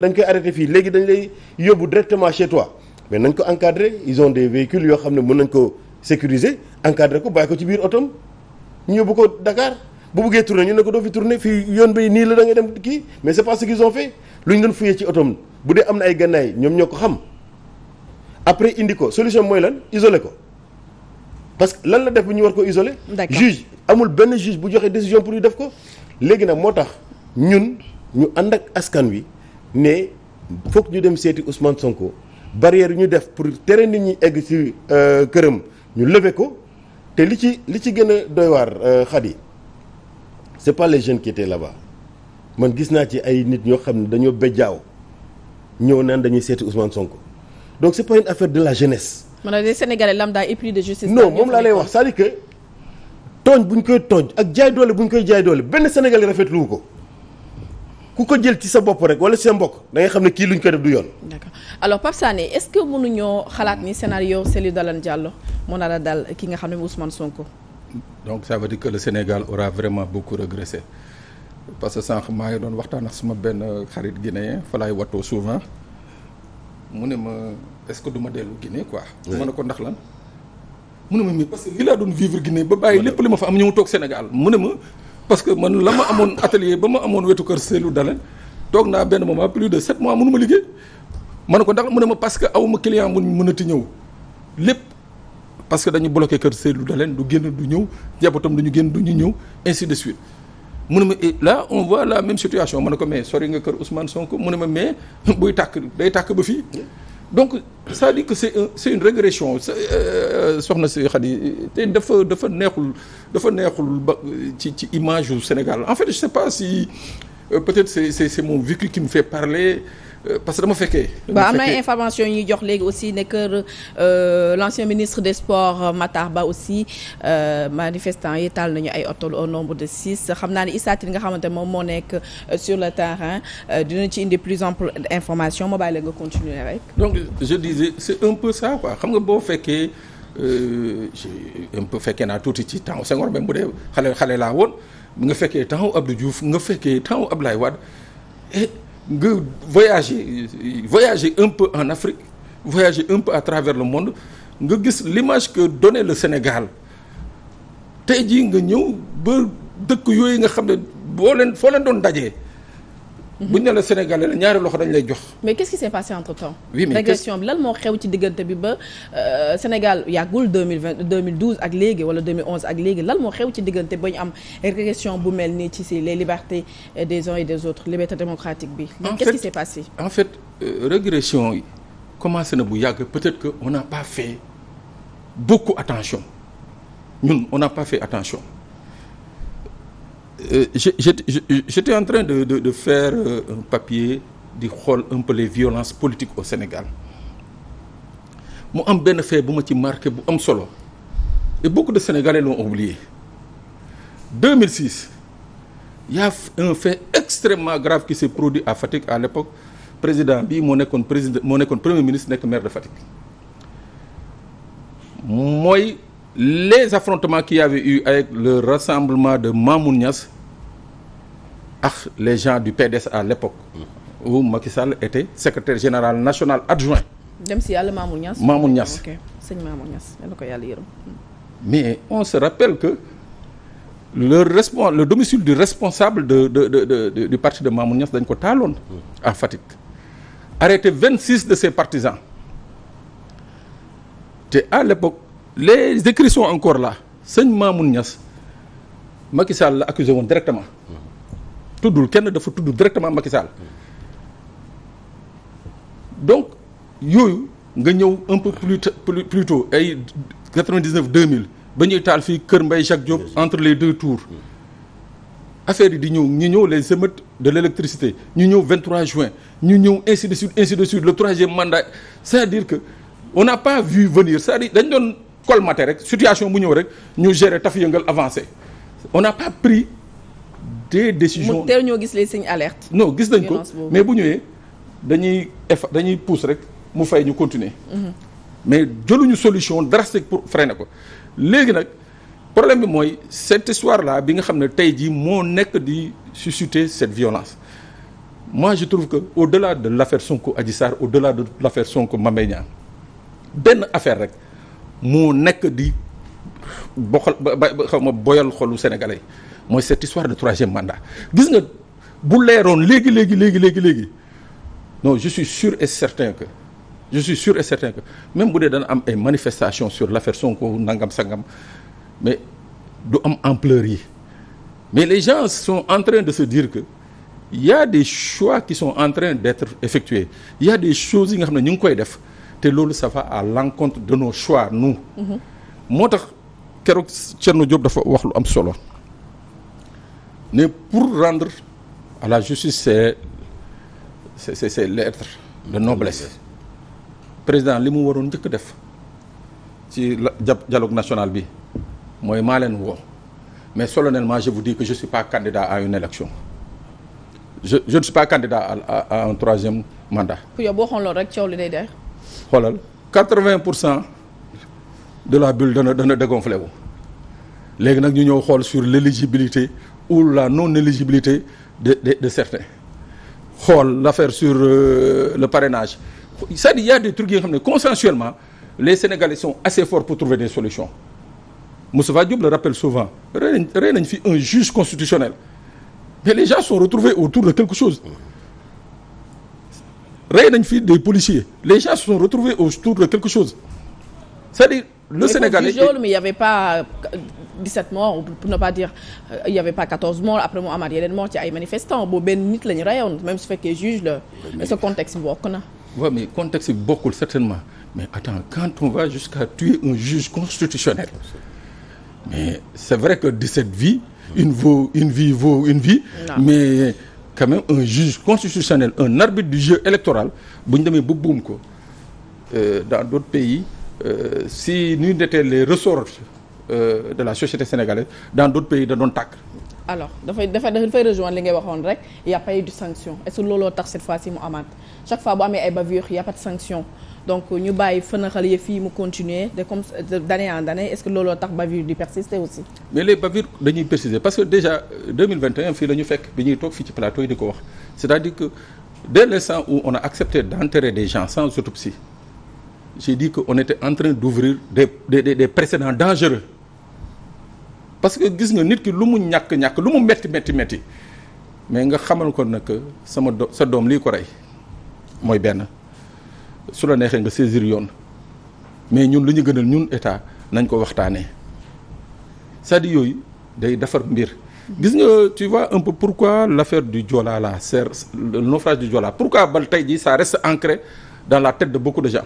dañ koy arrêté fii léegi dañ lay yóbbu directement chez toi mais nañ ko encadré ison ont des véhicules yoo xam ne mën nañ ko sécuriser encadré ko bàyyi ko ci biir otom ñu yóbbu ko Dakar bu buggee tourner ñu ne ko doo fi tourner fii yoon bi nii la da dem kii mais c'est pas ce qu'ils ont fait lu ñu doon fuyee ci otom bu dee am na ay gannaay ñoom ñoo ko xam après indi ko solution mooy lan isoler ko parce que lan la def bi ñu war ko isoler juge amul benn juge bu joxe décision pour ñu de ko léegi nag moo tax ñun ñu ànd ak askan wi ne foog ñu dem seeti Ousmane Sonko barrière yu ñu def pour tere nit ñu egg ci euh, këram ñu lever ko te li ci li ci gën a doy waar euh, Khady c'est pas les jeunes qui étaient là-bas man gis naa ci ay nit ñoo xam ne dañoo bejjaaw ñëw naan dañuy seeti Ousmane Sonko donc c'est pas une affaire de la jeunesse. maanaam les Sénégalais lambda épris de justice. non moom laa lay wax c'est-à-dire tooñ bu ñu koy tooñ ak jaay doole bu koy jaay doole benn Sénégalais rafetlu wu ko. ku ko jël ci sa bopp rek wala seen mbokk da nga xam ne kii luñ ko def du yoon. d'accord alors Pape Sané est-ce que mënuñoo xalaat ni scénario Cellou Dalein Diallo moo nar a dal ki nga xam ne Ousmane Sonko. donc ça veut dire que le Sénégal aura vraiment beaucoup régressé parce que sànq maa ngi doon waxtaan ak suma benn xarit guinéen fa laay wattoo souvent mu ne ma est-ce que duma ma dellu Guinée quoi. ma ne ko ndax lan. mu ne ma mais parce que lii laa doon vivre Guinée ba bàyyi lépp ma fa am ñëw toog Sénégal mu ne ma. parce que man la ma amoon atelier ba ma amoon wetu kër Seydou Dalen toog naa benn moment plus de sept mois mënu ma liggéey ma ne ko ndax mu ne ma parce que aw ma client mun mënati ñëw lépp parce que dañu bloqué kër Seydou Dalen du génn du ñëw njabootam ñu génn du ñu ñëw ainsi de suite. mu ne ma la on voit la même situation man ne ko mais sori nga kër Ousmane Sonko mu ne ma mais buy tàkk day tàkk ba fii. donc c'est-à-dire que c'est un une régression euh, euh, soxna si Khady te dafa dafa neexul dafa neexul ba ci ci image yu Sénégal en fait je sais pas si euh, peut-être c'est c'est c'est mon vécu qui me fait parler Euh, parce que dama fekkee. dama am na information ñuy jox léegi aussi ne que euh, l' ancien ministre de sports euh, Matar Ba aussi manifestant yi taal nañu ay oto au nombre de six xam naa ni Issatine nga xamante moom moo nekk sur le terrain dina ci indi plus ample information ma la nga continuer rek. donc je disais c' un peu ça quoi xam nga boo fekkee un peu fekkee naa tuuti ci temps Senghor même bu dee xale xale laa woon nga fekkee temps Abdou Diouf nga fekkee temps Abdoulaye Wade. nga voyager voyager un peu en Afrique voyager un peu à travers le monde nga gis l'image que donnait le Sénégal tey jii nga ñëw ba dëkk yooyu nga xam ne boo leen foo leen doon dajee buñ ne la sénégalais la ñaari loxo dañ lay jox. mais qu'est-ce qui s'est passé entre temps. oui régression bi lan moo xew ci diggante bi ba euh, Sénégal yàggul deux deux mille douze ak léegi wala deux mille onze ak léegi lan moo xew ci diggante ba ñu am régression bu mel nii ci si les libertés des uns et des autres liberté démocratique bi. en quest en fait euh, régression yi commencé na bu yàgg peut-être que on n'a pas fait beaucoup attention ñun on n'a pas fait attention. euh, j'étais en train de, de, de faire euh, un papier di xool un peu les violences politiques au Sénégal mu am benn fait bu ma ci marqué bu am solo et beaucoup de Sénégalais l'ont oublié 2006 il y a un fait extrêmement grave qui s'est produit à Fatick à l'époque président bi moo nekkoon président moo nekkoon premier ministre nekk maire de Fatick mooy les affrontements qu'il y eu avec le rassemblement de Mamoun Niass ak les gens du PDS à l'époque mm. où Macky Sall était secrétaire général national adjoint dem si yàlla Mamoun Niass Mamoun Niass ok sëñ mm. mais on se rappelle que le respon le domicile du responsable de de de, de, de du parti de Mamoun Niass dañ ko taaloon mm. à Fatick arrêté 26 de ses partisans te à l'époque les écrits sont encore là sëñ Mamoun ñas Macky Sall la accusé woon directement tuddul kenn dafa tudd directement Macky Sall donc yooyu nga ñëw un peu plus plus plus tôt ay 99 2000 ba ñuy taal fii Kër mbay Jacques Diop entre les deux tours affaire yi di ñëw ñu ñëw les émeutes de l'électricité ñu ñëw 23 juin ñu ñëw ainsi de suite ainsi de suite le troisième mandat c'est-à-dire que on n'a pas vu venir c'est-à-dire dañ doon. colmater rek situation bu ñëw rek ñu gérer taf yëngal avancé on n'a pas pris des décisions. mu ñoo gis les signes alerte. non gis nañ ko mais bu ñëwee dañuy efa dañuy pousse rek mu fay ñu continuer. Mhm. mais jëluñu solution drastique pour freiner ko léegi nag. problème bi mooy cette histoire là bi nga xam ne tey jii moo nekk di susciter cette violence moi je trouve que au delà de l' affaire Sonko Adji Sarr au delà de l' affaire Sonko Mame benn affaire rek moo nekk di boxal ba xaw ma boyal xolu sénégalais mooy cette histoire de troisième mandat gis nga bu leeroon léegi léegi léegi léegi léegi non je suis sûr et certain que je suis sûr et certain que même bu dee daan am ay manifestation sur l'affaire Sonko nangam sangam mais du am ampleur yi mais les gens sont en train de se dire que il des choix qui sont en train d'être effectués il des choses yi nga xam ne ñu ngi koy def te loolu ça fa à l'encontre de nos choix nous. moo tax keroog Thierno Diop dafa wax lu am solo ne pour rendre à la justice ses ses ses lettres de noblesse président li mu waroon njëkk def ci la dialogue national bi mooy maa leen woo mais solennellement je vous dis que je suis pas candidat à une élection je je ne suis pas candidat à un troisième mandat. ku yow boo xooloon rek coow li day dee. xoolal quatre-vingt pour cent de la bulle dana dana dégonflé wu léegi nag ñu ñëw xool sur l'éligibilité ou la non éligibilité de de de certains xool l'affaire sur euh, le parrainage c'est-à-dire y a des trucs nga xam ne consensuellement les Sénégalais sont assez forts pour trouver des solutions Moustapha Diop le rappelle souvent rey nañ fi un juge constitutionnel mais les gens sont retrouvés autour de quelque chose rey nañ fi des policiers les gens sont retrouvés autour de quelque chose c'est-à-dire le Sénégalais mais il y avait pas 17 euh, morts pour ne pas dire euh, il y avait pas 14 morts après mu amaat yeneen morts ci ay manifestants boobu benn nit la ñu reyoon même su fekkee juge la ce contexte bokk na. waaw mais contexte bi bokkul certainement mais attends quand on va jusqu'à tuer un juge constitutionnel mais c'est vrai que 17 vies. une vaut une vie vaut une vie. Non. mais. quand même un juge constitutionnel un arbitre du jeu électoral bu ñu demee ba buum ko euh, dans d'autres pays euh, si ñu detee les ressorts euh, de la société sénégalaise dans d'autres pays da doon tàkk alors dafay dafay dafay rejoindre li ngay waxoon rek y a pas sanction est looloo tax cette fois-ci mu amaat chaque fois bu amee ay bavure y a pas de sanction donc ñu bàyyi fënaxal yëf fii mu continuer de comme d'année en année est-ce que looloo tax bavure di persister aussi. mais les bavures dañuy persister parce que déjà fii la ñu fekk bi ñuy toog fii ci plateau yi di ko wax c'est-à-dire que dès l'instant où on a accepté d'enterrer des gens sans autopsie j'ai dit que on était en d'ouvrir des des des, des dangereux parce que gis nga nit ki lu mu ñàkk ñàkk lu mu metti metti mais nga xamal ko nag sama do sa doom lii ko rey mooy benn. su la neexee nga saisir yoon mais ñun lu ñu gënal ñun état nañ ko waxtaanee cest yooyu day defar mbir. gis nga tu vois pour quoi pourquoi l'affaire du Joola là c'est le naufrage du pour quoi bal tey jii ça reste ancré dans la tête de beaucoup de gens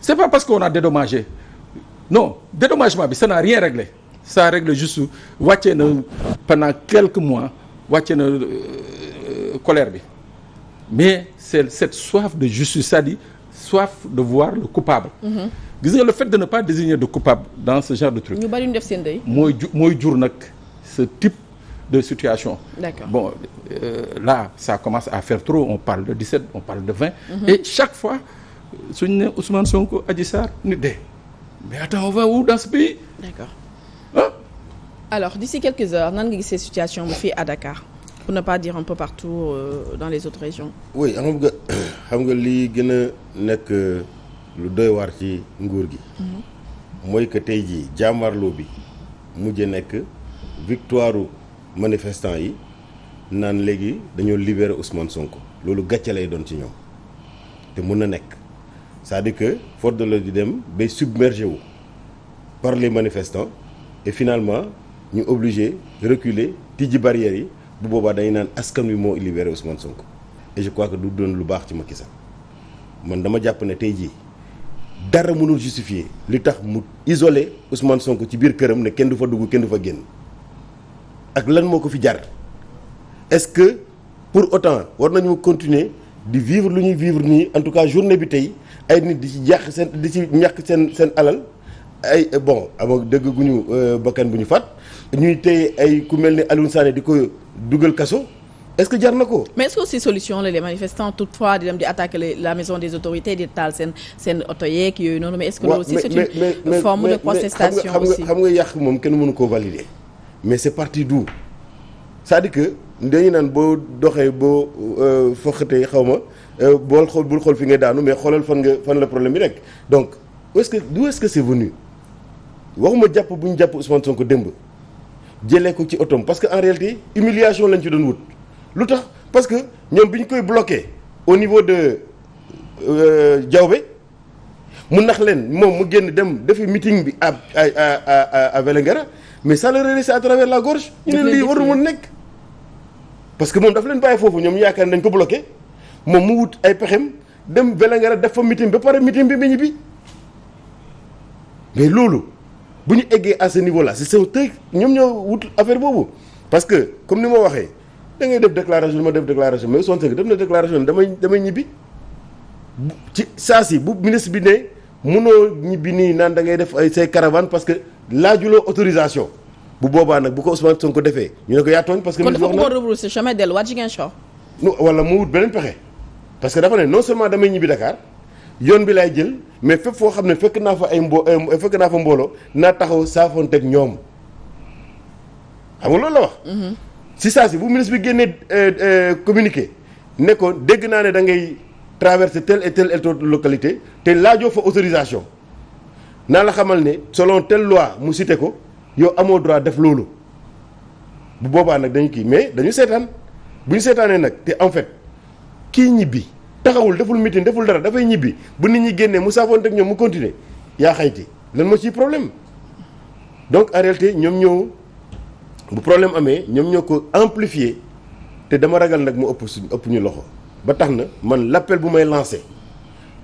c'est pas parce que a dédommagé non dédommagement bi ça n'a rien réglé ça règle juste wàccee na pendant quelque mois wàccee na euh, colère bi mais c'est cette soif de justice cest soif de voir le coupable. Mhm. gis nga le fait de ne pas désigner de coupable dans ce genre de truc. ñu bari ñu def seen dëy. mooy mooy jur nag ce type de situation. d'accord bon euh, là commence à faire trop on parle de 17 on parle de 20. Mhm. et chaque fois suñu ne Ousmane Sonko Adji Sarr nit de mais attends on va où dans ce pays. d'accord d'ici quelques heures nan nga gisee situation bi fii à Dakar. pour na pas dire un peu partout euh, dans les autres régions. oui xam nga xam nga li gën a nekk euh, lu doy waar ci nguur gi. Mhm. mooy que tey jii jàmmarloo bi mujj nekk victoire manifestant yi naan léegi dañoo libérer Ousmane Sonko loolu gàcce lay doon ci ñoom te mën na nekk c'est-à-dire que force de l'ordre di dem bay submergé wu par les finalement ñu obligé reculer tijji barrières yi. bu boobaa dañu naan askan wi moo libéré Ousmane Sonko et je du doon lu baax ci Macky Sall man dama jàpp ne tey jii dara mënul justifier li tax mu isolé Ousmane sonk ci biir këram ne kenn du fa dugg kenn du fa génn ak lan moo ko fi jar est-ce que pour autant war nañu continuer di vivre lu ñuy vivre nii en tout cas journée bi tey ay nit di ci jàq seen di ci seen seen alal ay bon ama dëgg guñu euh, bakkan bu ñu faat ñuy tey ay ku mel ni Alioune Sané di ko dugal kaso est-ce que jar na ko. mais est-ce que aussi solution la les manifestants toutefois di dem di attaquer la maison des autorités di taal seen seen oto yeeg yooyu noonu. mais est-ce que loolu aussi c'est xam nga xam nga yàq moom kenn mënu koo valider. mais c'est parti dou c'est-à-dire que dañu naan boo doxee boo euh, foqatee xaw ma euh, bool xool bul xool fi nga daanu mais xoolal fan nga fan la problème bi rek donc où est-ce que d'où est-ce que c'est venu waxuma jàpp bu ñu jàpp Ousmane ko démb. jëlee ko ci otom parce que en réalité humiliation lañ ci doon wut lu tax parce que ñoom bi ñu koy bloqué au niveau de euh, Diaobé mu nax leen moom mu génn dem defi meeting bi à à à à Vélingara mais ça leur est la gorge. ñu ne lii warul woon nekk. parce que moom daf leen bàyyi foofu ñoom yaakaar nañ ko bloqué moom mu wut ay pexem dem Vélingara def fa meeting ba pare meeting bi ba bi mais loolu. bu ñu eggee à ce niveau là c'est tey ñoom ñoo wut affaire boobu parce que comme ni ma waxee da ngay def déclaration li ma def déclaration mais Ousmane Sonko def na déclaration damay damay ñibbi ci saa si bu ministre bi ne mënoo ñibbi nii naan da ngay def ay say caravane parce que laajuloo autorisation bu boobaa nag bu ko Ousmane ko defee ñu ne ko yaa tooñ parce que kon dafa bëggoon rebrousser chemin delluwaat Ziguinchor wala mu wut beneen pexe parce que dafa ne non seulement damay ñibbi Dakar yoon bi laay jël mais fépp foo xam ne fekk naa fa ay mbo fekk naa fa mbooloo naa taxaw saafoonteeg ñoom xam nga loolu la wax. Mhm. si saa si bu ministre bi génnee euh, euh, communiqué ne ko dégg naa ne da ngay traverser telle et telle et telle localité te laajoo fa autorisation naa la xamal ne solon tel loi mu cité ko yow amoo droit def loolu bu boobaa nag dañu kii mais dañu seetaan bu ñu seetaanee nag te en fait kii ñibbi. taxawul deful meeting deful dara dafay ñibbi bu nit ñi génnee mu saafoonte ak ñoom mu continuer yaa xayti lan moo ciy problème donc en réalité ñoom ñëw bu problème amee ñoom ñoo ko amplifier te dama ragal nag mu ëpp ëpp ñu loxo ba tax na man l'appel bu may lancé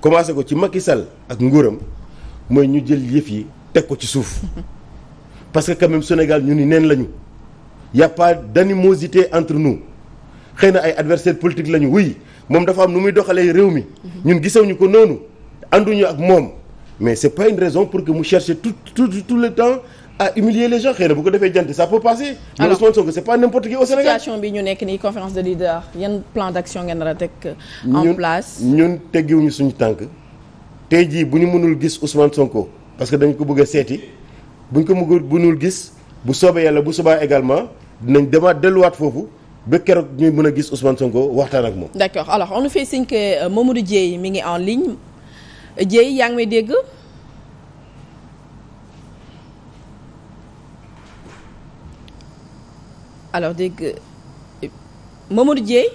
commencé ko ci Macky Sall ak nguuram mooy ñu jël yëf yi teg ko ci suuf parce que quand même Sénégal ñu ni neen lañu y a pas entre nous xëy na ay adversaires politiques lañu wuy moom dafa am nu muy doxalee réew mi ñun gisewuñu ko noonu ànduñu ak moom mais c'est pas une raison pour que mu cherche tout tout tout le temps à humilier les gens na bu ko defee jant ça peut passer. mais Ousmane Sonko c'est pas n'importe qui au Sénégal situation bi ñu nekk nii conférence de leader yan plan d'action ngeen nar a teg en place ñun teggiwuñu suñu tànk tey jii bu ñu mënul gis Ousmane Sonko parce que dañ ko bëgg a seeti bu ñu ko mënul gis bu soobee yàlla bu subaa également dinañ demaat delluwaat foofu. ba keroog ñuy mën a gis Ousmane Sonko waxtaan ak moom. d'accord alors on nous fait signe du euh, Mamadou Dieye mi ngi en ligne euh, Dieye yaa ngi may dégg. alors dégg euh, Mamadou Dieye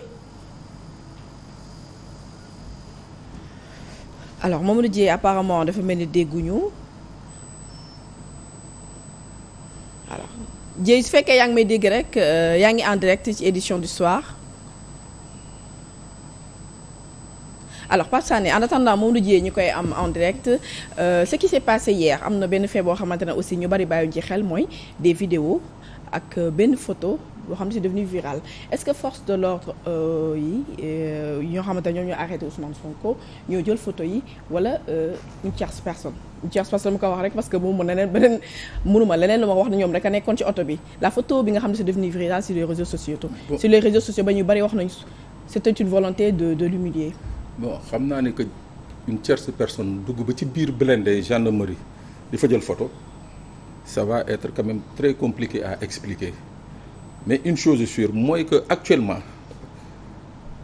alors Mamadou Dieye apparemment dafa mel ni dégguñu. Dieye su fekkee yaa ngi may dégg rek euh, yaa ngi en direct ci édition du soir alors Pape Sané en attendant moom du Dieye ñu koy am en direct euh, ce qui s'est passé hier am na benn fait boo xamante ne aussi ñu bari bàyyi ci xel mooy des vidéos ak euh, benn photo loo xam ne c'est devenu viral est-ce que force de l'ordre euh, yi ñoo euh, xamante ñoom ñoo arrêté Ousmane Sonko ñoo jël photo yi wala euh, une tierce personne une tierce personne mu ko wax rek parce que moom mën na leen beneen mënuma leneen lu ma wax ne ñoom rek a nekkoon ci oto bi la photo bi nga xam ne c'est devenu viral sur les réseaux sociaux sur les réseaux sociaux ba ñu bari wax nañu c'était une volonté de de l'humilier bon xam naa ne que une tierce personne dugg ba ci biir blindé gendarmerie di fa jël photo ça va être quand même très compliqué à expliquer mais une chose est mooy que actuellement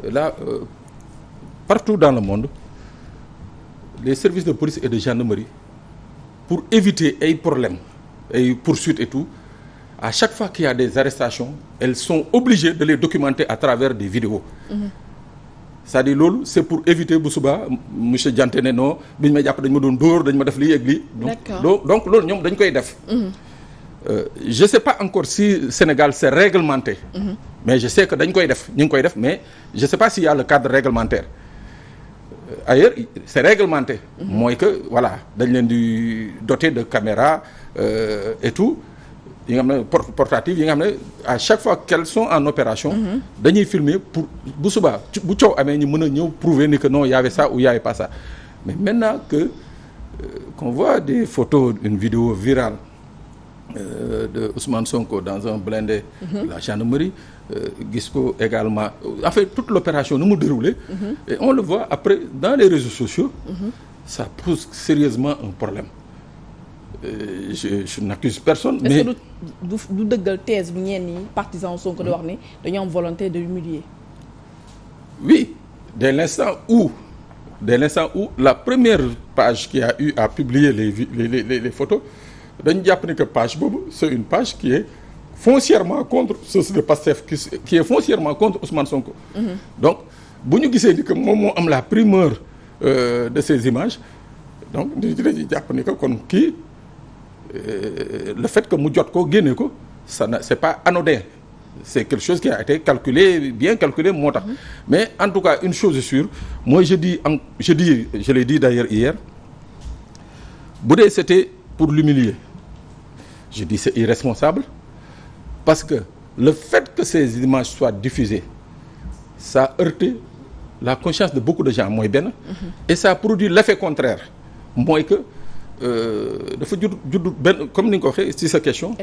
la euh, partout dans le monde les service de police et de gendarmerie pour éviter ay problèmes ay poursuites et tout à chaque fois qu'il y des arrestations elles sont obligées de les documenter à travers des video mmh. c'est-à-dire loolu c'est pour éviter bu suba monsieur Diante ne no bi ñu may jàpp dañ ma doon dóor dañu ma def lii ak lii donc loolu ñoom dañ koy def mhm. Euh, je sais pas encore si Sénégal c'est réglementé. Mhm. mais je sais que dañ koy def ñu ngi koy def mais je sais pas s'il y a le cadre réglementaire euh, c'est réglementé. Mhm. mooy que voilà dañ leen di doter de caméras euh, et tout yi nga xam ne portative yi nga xam ne à chaque fois qu'elles sont en opération. Mhm. dañuy filmer pour bu subaa bu coow amee ñu mën a ñëw prouver ni que non y avait ça ou y avait pas ça mais maintenant que euh, qu'on voit des photos une vidéo virale. euh, de Ousmane Sonko dans un blindé de mhm. la gendarmerie euh, gis ko également euh, en toute l'opération nu mu déroulé mhm. et on le voit après dans les réseaux sociaux mhm. ça pose sérieusement un problème Euh, je je n'accuse personne. mais est-ce que du bu ñenn ñi partisans Sonko hmm. de l'humilier. oui l'instant où dès l'instant où la première page qui a eu à publier les les les photos dañu jàpp ni que page boobu c' est une page qui est foncièrement contre ceux de Pastef qui est foncièrement contre Ousmane Sonko. Mm donc bu ñu gisee ni que moom moo am la primeur euh, de ces images donc dañuy jàpp ni que kon kii euh, le fait que mu jot ko génne ko ça est pas anodin c' est quelque chose qui a été calculé bien calculé moo tax. Mhm. mais en tout cas une chose sur mooy moi je dis en je dis dit d' ailleurs hier bu dee c' pour l'humilier je dis c'est irresponsable parce que le fait que ces images soient diffusées ça heurte la conscience de beaucoup de gens mooy benn et ça produit l'effet contraire mooy que euh, dafa jur jur benn comme ni nga ko waxee ci sa question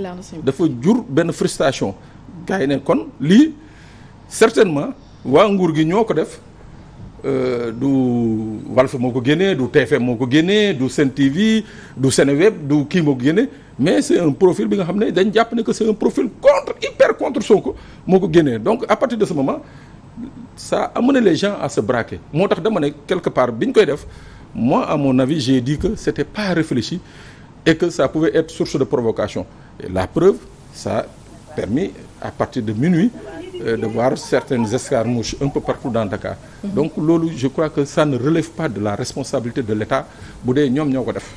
dafa jur benn frustration gars yi ne kon lii certainement waa nguur gi ñoo ko def Euh, du Walf moo ko génnee du TFM moo ko génnee du Sen TV du Seneweb du kii moo ko génnee mais c'est un profil bi nga xam ne dañ jàpp ne que c'est un profil contre hyper contre Sonko moo ko génnee donc à partir de ce moment ça amène les gens à se braquer moo tax dama ne quelque part bi ñu koy def moi à mon avis j'ai dit que c'était pas réfléchi et que ça pouvait être source de provocation et la preuve ça a permis à partir de minuit Euh, de voir certaines escarmouches un peu partout dans Dakar. Mhm. donc loolu je crois que ça ne relève pas de la responsabilité de l'État bu dee ñoom ñoo ko def.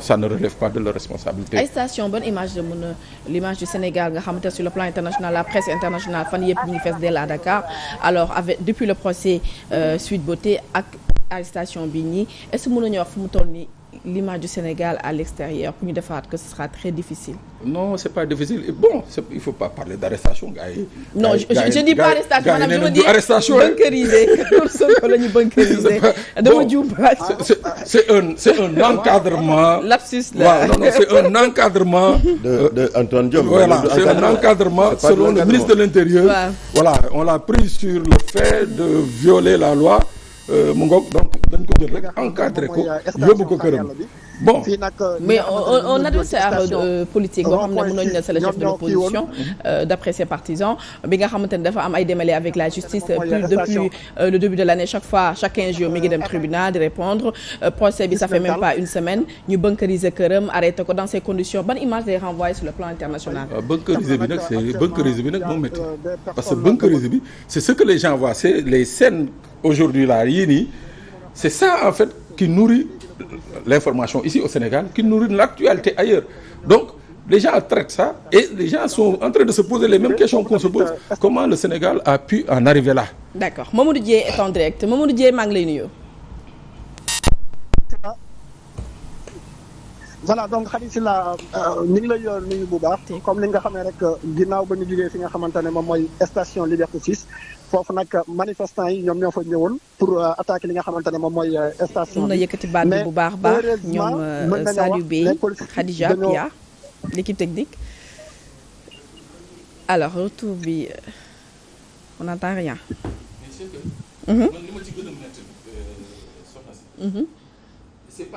ça ne relève pas de leur responsabilité. ay station bonne image la mën a l'image du Sénégal nga xamante sur le plan international la presse internationale fan yëpp ñu ngi fees dell à Dakar alors avec depuis le procès euh, Sweet Beauté ak arrestation bi nii est-ce que mën nañu wax fu mu toll nii. l'image du Sénégal à l'extérieur pour ñu defaat que ce sera très difficile. non c'est pas difficile et il faut pas parler d'arrestation non je, dis pas arrestation maanaam je veux dire bunkerisé la ñu bunkerisé dama juum c'est c'est un encadrement. lapsus là non non c'est un encadrement. selon le ministre de l'Intérieur. voilà on l'a pris sur le fait de violer la loi euh, mu dañ ko jël rek encadré ko euh, yóbbu ko këram bon euh, mais on adversaire euh, politique boo xam ne mën nañu ne c'est le chef de l'opposition d'après ses partisans bi nga xamante ne dafa am ay démêlés avec la justice plus depuis le début de l'année chaque fois chaque quinze jours mi ngi dem tribunal di répondre procès bi ça fait même pas une semaine ñu bunkeriser këram arrêté ko dans ces conditions ban image lay renvoyer sur le plan international bunkeriser bi nag c'est bunkeriser bi nag moo métti parce que bunkeriser bi c'est ce que les gens voient c'est les scènes aujourd'hui là yii nii c'est ça en fait qui nourrit l'information ici au Sénégal qui nourrit l'actualité ailleurs donc les gens traitent ça et les gens sont en train de se poser les mêmes questions qu'on se pose comment le Sénégal a pu en arriver là d'accord Mamadou Dieng est en direct Mamadou Dieng maa ngi lay nuyu voilà donc Khady Sylla euh, ñu la lay euh, nuyu bu baax comme li nga xamee rek euh, ginnaaw ba ñu jógee fi nga xamante ne moom mooy station Liberté 6 foofu nag manifestants yi ñoom ñoo fa ñëwoon pour attaquer li nga xamante ne moom mooy station bi. mën na yëkkati baat bu baax baax ñoom Saliou Bey Khadija Pia l'équipe technique alors retour bi on n'entend rien. Mhm. li ma ci gën a metti soxna si. Mhm. c'est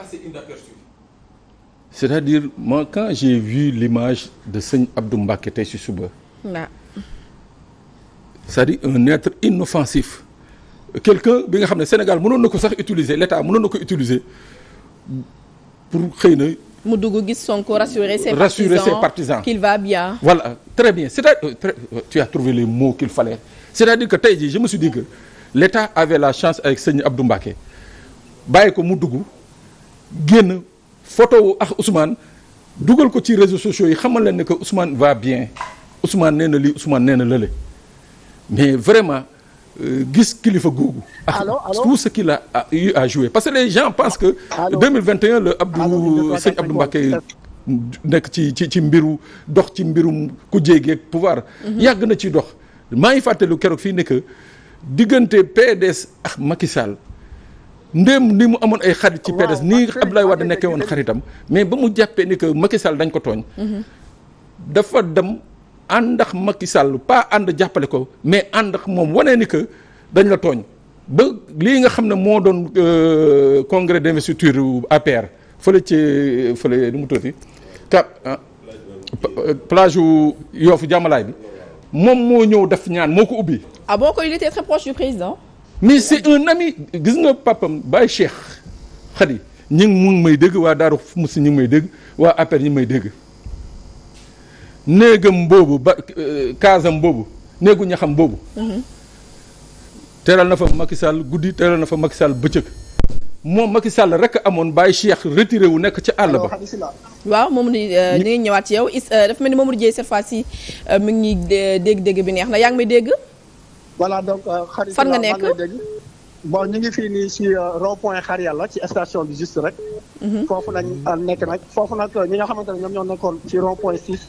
c'est-à-dire moi quand j'ai vu l'image de sëñ Abdou Mbacké tey si suba. waaw. c'est-à-dire un être inoffensif. quelqu'un bi nga xam ne Sénégal mënoon na ko sax utiliser l'État mënoon na ko utiliser pour xëy na. mu dugg gis Sonko rassurer ses rassurer partisans ses partisans qu'il va bien. voilà très bien c'est-à-dire euh, très, euh, tu as trouvé les mots qu'il fallait c'est-à-dire que tey jii je me suis dit que l'État avait la chance avec sëñ Abdou Mbacké bàyyi ko mu dugg génn. photo wu ak Ousmane dugal ko ci réseau sociaux yi xamal la ne que Ousmane va bien Ousmane nee na lii Ousmane nee na lële mais vraiment euh, gis kilifa googu. ak tout ce qu'il a eu à jouer parce que les gens pensent que. allo 2021 la Abdou sëñ Abdou Mbacké nekk ci ci ci mbiru dox ci mbirum ku jéegeeg pouvoir. Mhm. yàgg na ci dox maa ngi fàttelu keroog fii ne que diggante PDS ak Macky ndéem ni mu amoon ay xarit ci PDS nii Abdoulaye Wade nekkee woon xaritam mais ba mu jàppee ni que Macky dañ ko tooñ mm-hmm. dafa dem ànd ak Macky Sall pas ànd jàppale ko mais ànd ak moom wanee ni que dañ la tooñ ba li nga xam ne moo doon euh, congrès d'investiture APR fële ci fële nu mu tuuti cap ah, plage yu Yoofu Jàmmalaay bi moom moo ñëw def ñaan moo ko ubbi ah boo il était très proche du président mais c'est un gis nga papam Baye Cheikh Khady ñi mu ngi may dégg waa Daaru Musi ñi ngi may dégg waa APR ñi ngi dégg néegam boobu ba euh, kaasam boobu néegu ñaxam boobu mm-hmm. teral na fa Macky Sall guddi teral na fa Macky Sall bëccëg moom Macky Sall rek amoon Baye Cheikh retiré wu nekk ci àll ba. waaw moom ni ñu euh, ngi ñëwaat yow is euh, dafa mel ni Mamadou Dieye cette fois ci mi ngi ñuy dégg-dégg bi neex na yaa ngi may dégg. voilà donc xarit. Euh, fan ga nekk bon ñu ngi fii nii si euh, rond point xar yàlla ci station bi juste rek. Mhm. foofu lañ euh, nekk nag foofu nag ñi nga xamante ne ñoom ñoo nekkoon ci rond point 6.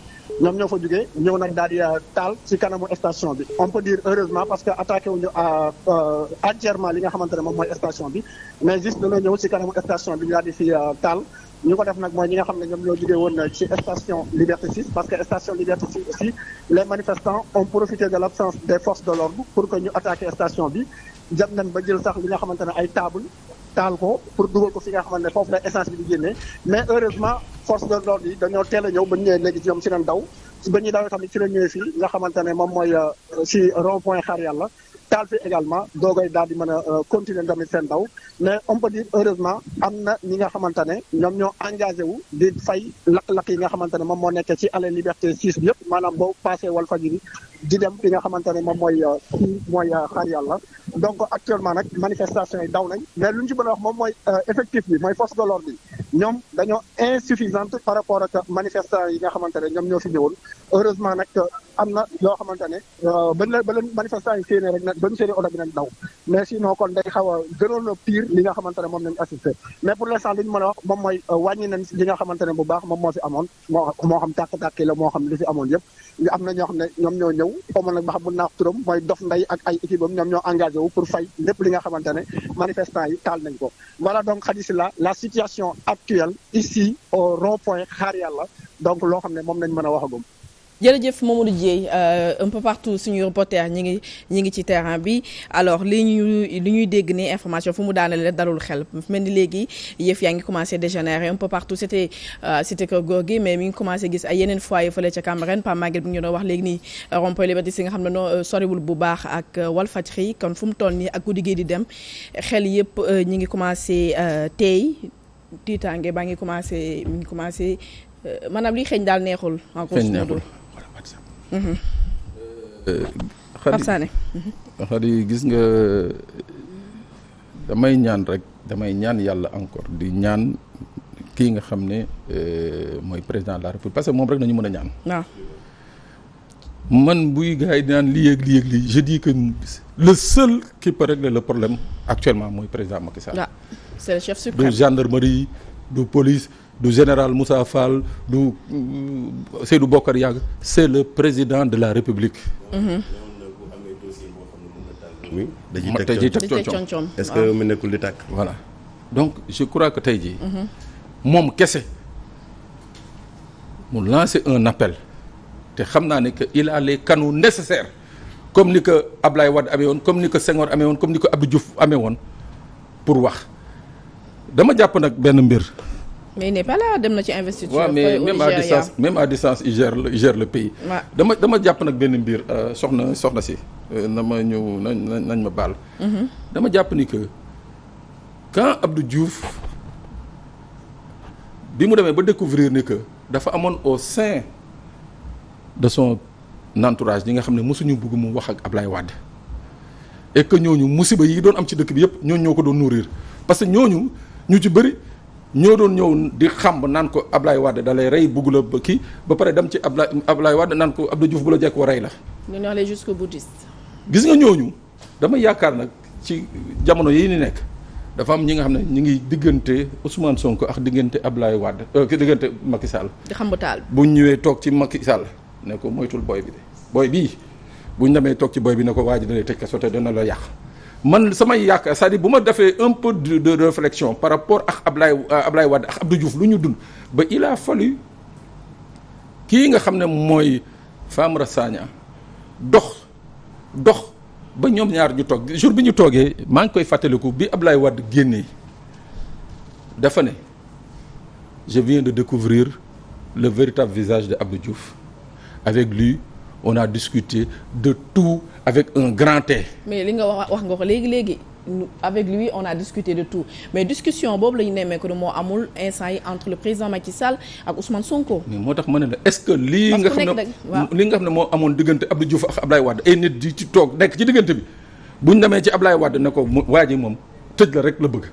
ñoom ñoo fa jógee ñëw nag daal di euh, taal ci kanamu station bi on peut dire heureusement parce que attaqué wuñu euh, euh, entièrement li nga xamante ne moom mooy station bi mais juste dañoo ñëw ci kanamu station bi ñu daal di fi taal ñu ko def nag mooy ñi nga xam ne ñoom ñoo jógee woon ci station Liberté 6 parce que station Liberté 6 aussi les manifestants ont profité de l'absence des forces de l'ordre pour que ñu attaqué station bi jam nañ ba jël sax li nga xamante ne ay taabul taal ko pour dugal ko fi nga xamante ne foofu la essence bi di génnee mais heureusement force de l'ordre yi dañoo teel a ñëw ba ñu ñëwee léegi ci ñoom si nañ daw ba ñuy dawee tamit ci la ñëwee fii nga xamante ne moom mooy euh, si rond point xaar yàlla taal fi également doogay daal di mën a euh, continuer tamit seen daw mais on peut dire heureusement am na ñi nga xamante ne ñoom ñoo engagé wu di fay lakk-lakk yi nga xamante ne moom moo nekkee ci allée Liberté 6 fi ne moom mooy euh, si mooy euh, xaar yàlla donc actuellement nag manifestation yi daw nañ mais lu ñu ci a wax moom mooy effectif bi mooy force de bi ñoom dañoo insuffisante par rapport ak manifestant yi nga xamante ne ñoom ñoo fi ñëwoon heureusement nag am na yoo xamante ne euh, ba leen manifestant yi séenee rek na ba ñu séenee oto bi nañ daw mais sinon kon day xaw a gënoon a pire li nga xamante ne moom nañ assisté mais pour l'instant li ñu mën a wax moom mooy euh, wàññi li nga xamante bu baax moom moo fi amoon moo moo fi amoon yëpp am na ñoo ne ñoom ñoo ñëw xawma nag ba xam bu naax turam mooy dof nday ak ay équipe am ñoom ñoo engagé wu pour fay lépp li nga xamante ne manifestant yi taal nañ ko voilà donc xadis la la situation actuelle ici au rond point xaar yàlla donc loo xam ne moom nañ mën a waxagum jërëjëf Mamadou Dieye euh, un peu partout suñu reporter ñi ngi ñi ngi ci terrain bi alors li ñu li ñuy dégg ni information fu mu daanale dalul xel mel ni léegi yëf yaa ngi commencé dégénérer un peu partout c'était euh, c'était Keur Gorgui mais mi ngi commencé gis ay yeneen foyer fële ca Cambérène Pape Maguette bi ñu doon wax léegi nii rond-point Liberté nga xam ne euh, soriwul bu baax ak Walfadjri kon fu mu toll nii ak guddi gi di dem xel yëpp ñu ngi commencé teey tiitaange baa ngi commencé mi commencé maanaam liy xeeñ daal neexul en grosso xadi mm-hmm. mm-hmm. xadi gis nga damay ñaan rek damay ñaan yàlla encore di ñaan kii nga xam ne eh, mooy président la république parce que moom rek nañu mën a ñaan man buy gars yi dinaan li yéeg li yéeg li je dis que le seul qui peut régler le problème actuellement mooy président Macky Sall. waaw ah, c'est le chef suprême. du gendarmerie du police du général Moussa Fall du euh, Seydou Bokar Yàgg c'est le président de la République. oui dañuy teg coom est-ce que tey jii. moom kese mu lancer un appel te xam naa ne que il a les canaux nécessaires comme ni ko Ablaye Wade amee woon comme ni que Senghor amee woon comme ni que Abdou Diouf amee pour wax dama jàpp nag benn mbir. mais il n'est pas dem na ci investiture. waaw mais même à distance même à distance il gère il gère le pays. dama dama jàpp nag benn mbir euh, soxna soxna si. Euh, na ma ñëw nañ nañ ma baal. Mhm. dama jàpp ni que quand abdu juuf bi mu demee ba découvrir ni que dafa amoon au sein de son entourage ñi nga xam ne mosuñu bëgg mu wax ak Ablaye Wade et que ñooñu musiba yi doon am ci dëkk bi yëpp ñooñu ñoo ko doon nourrir parce que ñooñu ñu ci bëri. ñoo doon ñëw di xamb naan ko Ablaye Wade da lay rey bugg la ba kii ba pare dem ci ab Ablaye Ablaye Wade naan ko Abdou Diouf bu la jekk wa rey la. ñooñu allé jusqu'au boutiste. gis nga ñooñu dama yaakaar nag ci jamono yi ni nekk dafa am ñi nga xam ne ñu ngi diggante Ousmane sonk ak diggante Ablaye Wade euh, diggante Macky Sall. di xamb taal bu ñëwee toog ci Macky Sall ne ko moytul booy bi de booy bii bu ñu demee toog ci booy bi ne ko waa ji da lay tëj te dana la yàq. man samay yaakaar cest à bu ma defee un peu de, de réflexion par rapport ak Ablaye euh, Ablaye Wade ak Abdou Diouf lu ñu dund ba il a fallu kii nga xam ne mooy Famara Sagna dox dox ba ñoom ñaar ñu toog jour bi ñu toogee maa ngi koy fàttaliku bi Ablaye Wade génnee dafa ne je viens de découvrir le véritable visage de Abdou Diouf avec lui on a discuté de tout avec un grand T. E. mais li nga wax wax nga ko léegi léegi avec lui on a discuté de tout mais discussion boobu la ñu nemmeeku ne moo amul instant yi entre le président Macky Sall ak Ousmane Sonko. mais moo tax ma ne la est-ce que lii nga xam ne lii nga xam ne moo amoon diggante Abdou Diouf ak Abdoulaye Wade ay nit di toog nekk ci diggante bi bu ñu demee ci Abdoulaye Wade ne ko waa ji moom tëj la rek la bëgg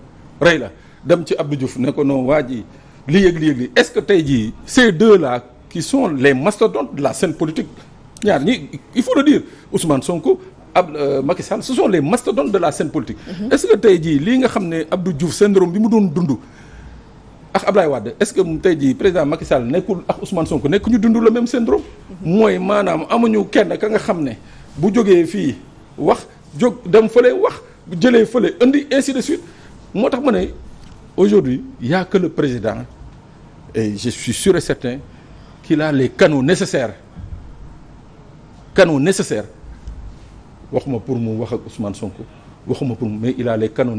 rey la dem ci Abdou Diouf ne ko non waa ji li yëg lii yëg lii est-ce tey jii ces deux là les mastodontes de la scène politique. ñaar ñi il faut le dire Ousmane Sonko ab euh, Macky Sall ce sont les mastodontes de la scène politique. Mhm. est-ce que tey jii lii nga xam ne Abdou Diouf syndrome bi mu doon dund. ak Ablaye Wade est-ce que tey jii président Macky Sall nekkul ak Ousmane Sonko nekk ñu dund le même syndrome. Mhm. mooy maanaam amuñu kenn ka nga xam ne bu jógee fii wax jóg dem fële wax jëlee fële indi ainsi de suite moo tax ma ne aujourd'hui y a le président et je suis sûr et certain qu'il a les canaux nécessaires. canaux nécessaires waxuma pour mu wax ak Ousmane Sonko waxuma pour mais il a les canaux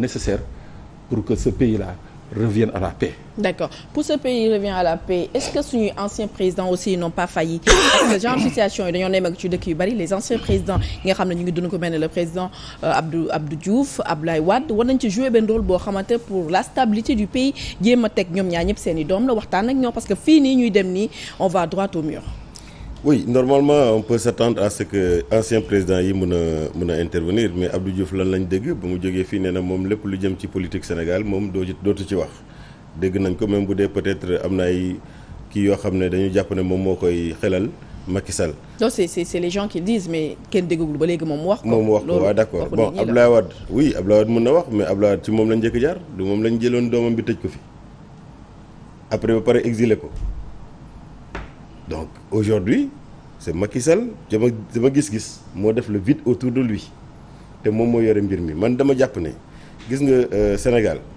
pour que ce pays-là revienne à la paix. d'accord pour ce pays revient à la paix est-ce que suñuy anciens présidents aussi n'ont pas failli parce que genre situation yi dañoo nem ak ci dëkk yu bari les anciens présidents yi nga xam ne ñu ngi dund ko mel ne le président euh, Abdou Abdou Diouf Abdoulaye Wade war nañ ci jouer benn rôle boo xamante pour la stabilité du pays jéem a teg ñoom ñaar ñëpp seen i doom waxtaan ak ñoom parce que fii nii ñuy dem nii on va droit au mur. oui normalement on peut s'attendre à que ancien président yi mën a mën a intervenir mais Abdou Diouf lan lañ dégg ba mu jógee fii nee na moom lépp lu jëm ci politique Sénégal moom doo dootu ci wax dégg nañ ko même bu dee peut-être am na ay kii yoo xam ne dañu jàpp ne moom moo koy xelal Macky Sall. non c'est c'est c'est les gens qui disent mais kenn déggul ba léegi moom mu wax ko moom wax ko waaw d'accord bon Abdoulaye Wade oui Abdoulaye Wade mën na wax mais Abdoulaye Wade ci moom lañ njëkk jaar du moom lañ jëloon doomam bi tëj ko fi ba pare exilé ko donc aujourd'hui c'est Macky Sall dama dama gis-gis moo def le vide autour de lui te moom moo yore mbir mi man dama jàpp ne gis nga euh, Sénégal